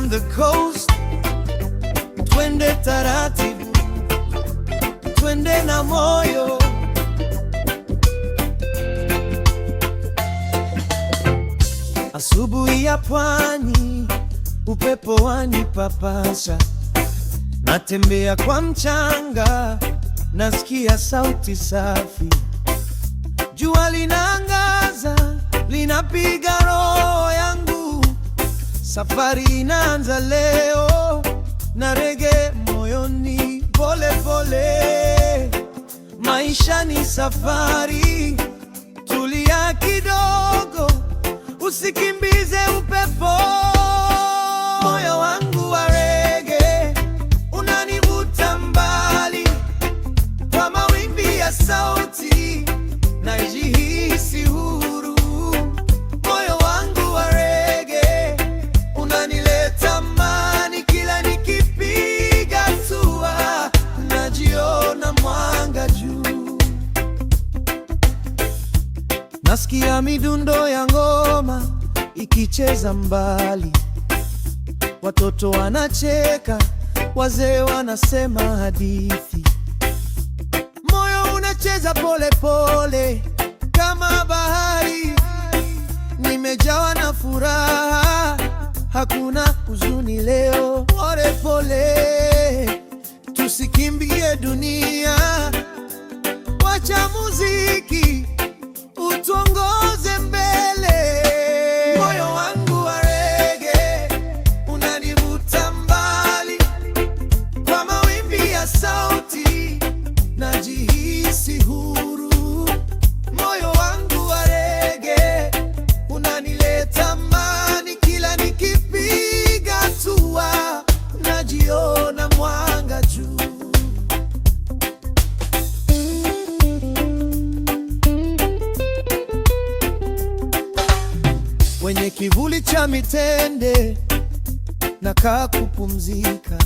from the coast, twende taratibu, twende na moyo. Asubuhi ya pwani, upepo wanipapasa, natembea kwa mchanga, nasikia sauti safi, jua linaangaza, linapiga roya Safari inaanza leo na rege moyoni, pole pole. Maisha ni safari, tulia kidogo, usikimbize upepo. Moyo wangu wa rege unanivuta mbali, kwa mawimbi ya sauti najihisi nasikia midundo ya ngoma ikicheza mbali, watoto wanacheka, wazee wanasema hadithi, moyo unacheza pole pole kama bahari. Nimejawa na furaha, hakuna huzuni leo. Pole pole, tusikimbie dunia Kivuli cha mitende nakaa kupumzika,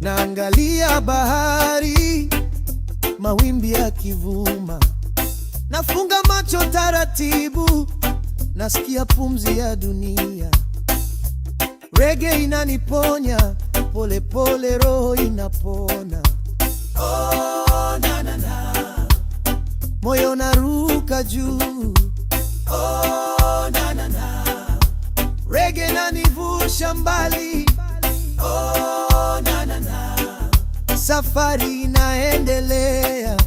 naangalia bahari, mawimbi ya kivuma nafunga macho taratibu, nasikia pumzi ya dunia. Rege inaniponya polepole, pole roho inapona. Oh, na, na, na. Moyo naruka juu. Oh ndege na nivusha mbali. Oh, na, na, na. Safari inaendelea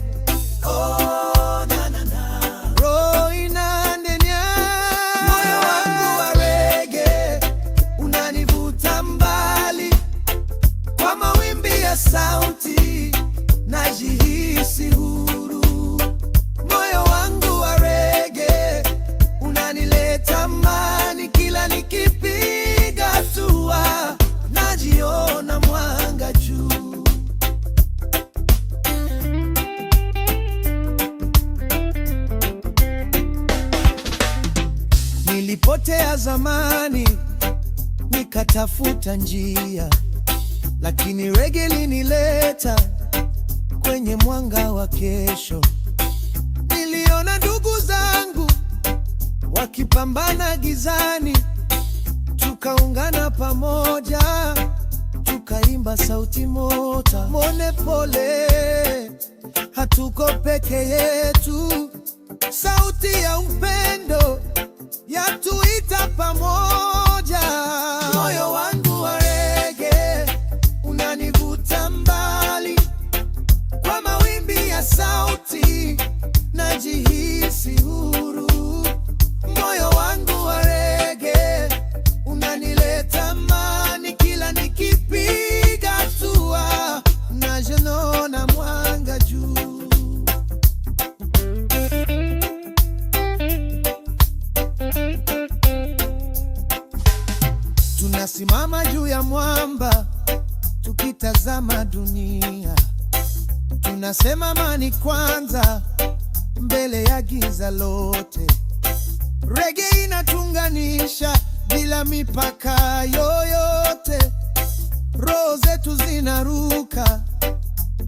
nilipotea zamani, nikatafuta njia, lakini rege linileta kwenye mwanga wa kesho. Niliona ndugu zangu wakipambana gizani, tukaungana pamoja, tukaimba sauti moja, mone pole, hatuko peke yetu Tunasimama juu ya mwamba tukitazama dunia, tunasema amani kwanza mbele ya giza lote. Rege inatunganisha bila mipaka yoyote, roho zetu zinaruka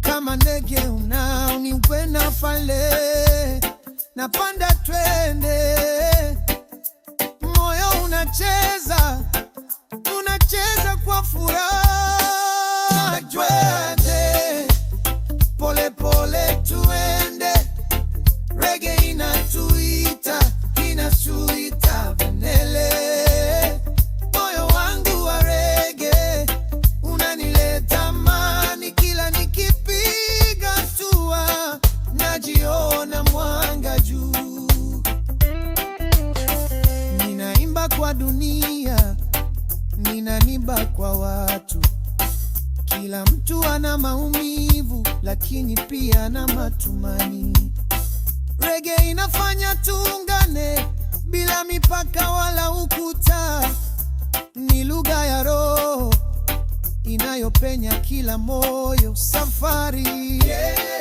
kama ndege unaoniupenda fale napanda twende, moyo unacheza acesa com furada. ana maumivu lakini pia na matumaini. Reggae inafanya tuungane bila mipaka wala ukuta. Ni lugha ya roho inayopenya kila moyo. Safari yeah.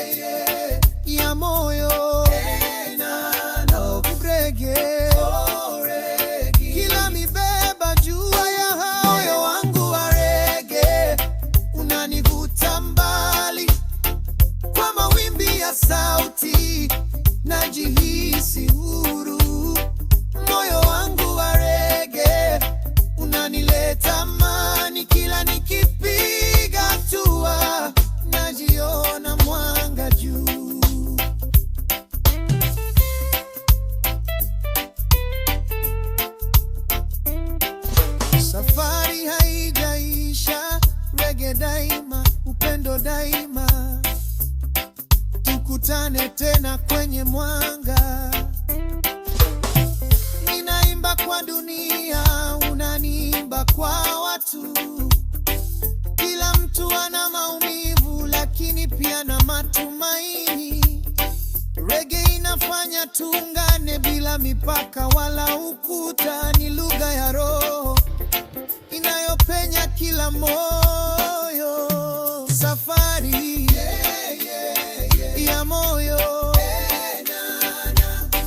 tena kwenye mwanga, ninaimba kwa dunia, unaniimba kwa watu. Kila mtu ana maumivu, lakini pia na matumaini. Rege inafanya tuungane bila mipaka wala ukuta. Ni lugha ya roho inayopenya kila moyo, safari kutia moyo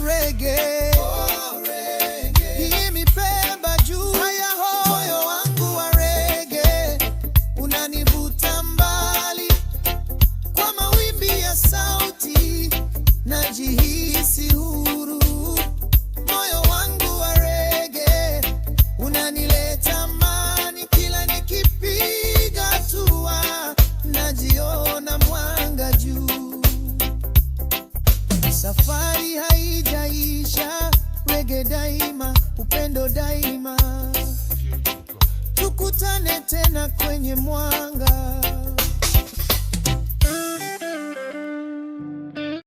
rege hoyo wangu wa rege unanivuta mbali kwa ya sauti najihisi huu Safari haijaisha, rege daima, upendo daima, tukutane tena kwenye mwanga.